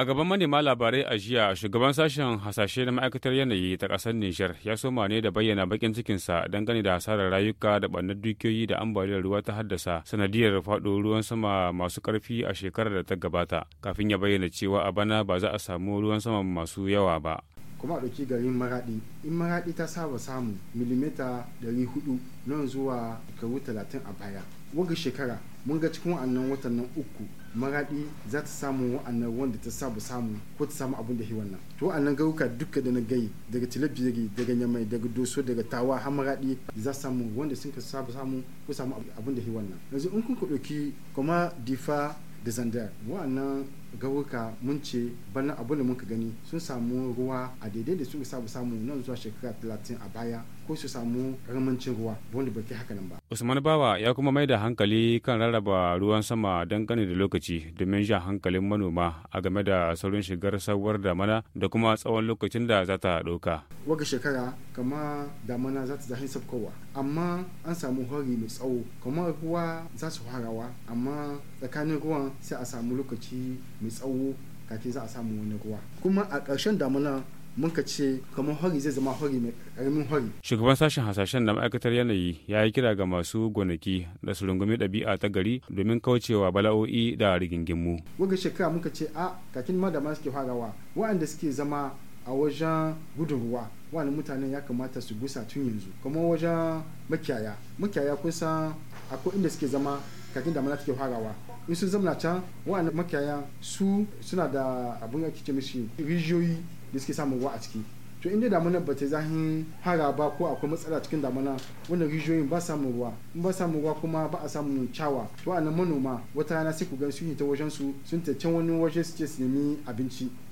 A gaban manema labarai a jiya, shugaban sashen hasashe na ma'aikatar yanayi ta ƙasar Nijar ya soma ne da bayyana bakin cikinsa dangane da hasarar rayuka da ɓannar dukiyoyi da ambaliyar ruwa ta haddasa sanadiyar faɗo ruwan sama masu ƙarfi a shekarar da ta gabata, kafin ya bayyana cewa a bana ba za a samu ruwan sama masu yawa ba. kuma a ɗauki garin maraɗi in maraɗi ta saba samu milimita 400 nan zuwa shekaru 30 a baya waga shekara mun ga cikin wa'annan watannin uku maraɗi za ta samu wa'annan wanda ta saba samu ko ta samu abin da shi wannan to wa'annan garuka duka da na gai daga tilabiyari daga nyamai daga doso daga tawa har maraɗi za samu wanda sun ka saba samu ko samu abin da shi wannan yanzu in kun ku ɗauki kuma difa da zandar wa'annan gauruka mun ce bana abu da muka gani sun samu ruwa a daidai da suka samu samu nan zuwa shekara talatin a baya ko su samu karamancin ruwa wanda bai kai haka nan ba. Usman Bawa ya kuma mai da hankali kan rarraba ruwan sama dangane da lokaci domin ja hankalin manoma a game da saurin shigar sabuwar damana da kuma tsawon lokacin da za ta ɗauka. Waga shekara kama damana za ta zahin sabkowa amma an samu hori mai tsawo kamar ruwa za su harawa amma tsakanin ruwan sai a samu lokaci mai tsawo kafin za a samu wani ruwa kuma a ƙarshen damuna muka ce kamar hori zai zama hori mai ƙaramin hori. Shugaban sashen hasashen na ma'aikatar yanayi ya yi kira ga masu gonaki da su rungumi ɗabi'a ta gari domin kaucewa bala'o'i da rigingimu. Waga shekara muka ce a kakin ma da suke farawa waɗanda suke zama a wajen gudun ruwa wani mutane ya kamata su gusa tun yanzu kamar wajen makiyaya makiyaya kusan akwai inda suke zama kakin da mana suke farawa in sun zamana can wa'annan makiyaya su suna da abin ake ce mishi rijiyoyi da suke samun ruwa a ciki to inda damuna ba ta zahin hara ba ko akwai matsala cikin damuna wannan rijiyoyin ba samun ruwa in ba samun ruwa kuma ba a samun cawa to a manoma wata rana sai ku ga sun ta wajen su sun ta can wani waje su ce su nemi abinci